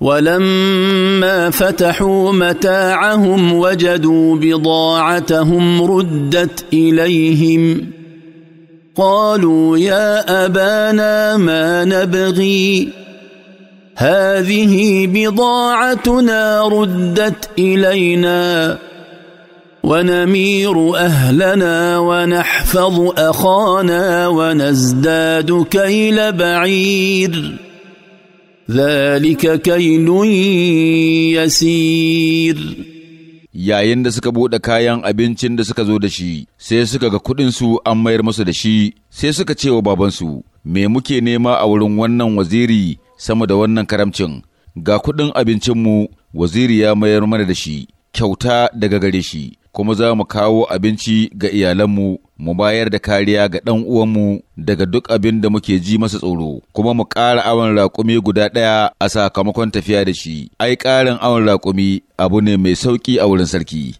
ولما فتحوا متاعهم وجدوا بضاعتهم ردت اليهم قالوا يا ابانا ما نبغي هذه بضاعتنا ردت الينا ونمير اهلنا ونحفظ اخانا ونزداد كيل بعير ذلك كيل يسير yayin da suka buɗe kayan abincin da suka zo da shi sai suka ga kuɗinsu an mayar musu da shi sai suka ce wa babansu me muke nema a wurin wannan waziri sama da wannan karamcin ga kuɗin mu waziri ya mayar mana da shi kyauta daga gare shi kuma za mu kawo abinci ga iyalanmu mu bayar da kariya ga ɗan uwanmu daga duk abin da muke ji masa tsoro, kuma mu ƙara awon raƙumi guda ɗaya a sakamakon tafiya da shi, ai ƙarin awon raƙumi abu ne mai sauƙi a wurin sarki.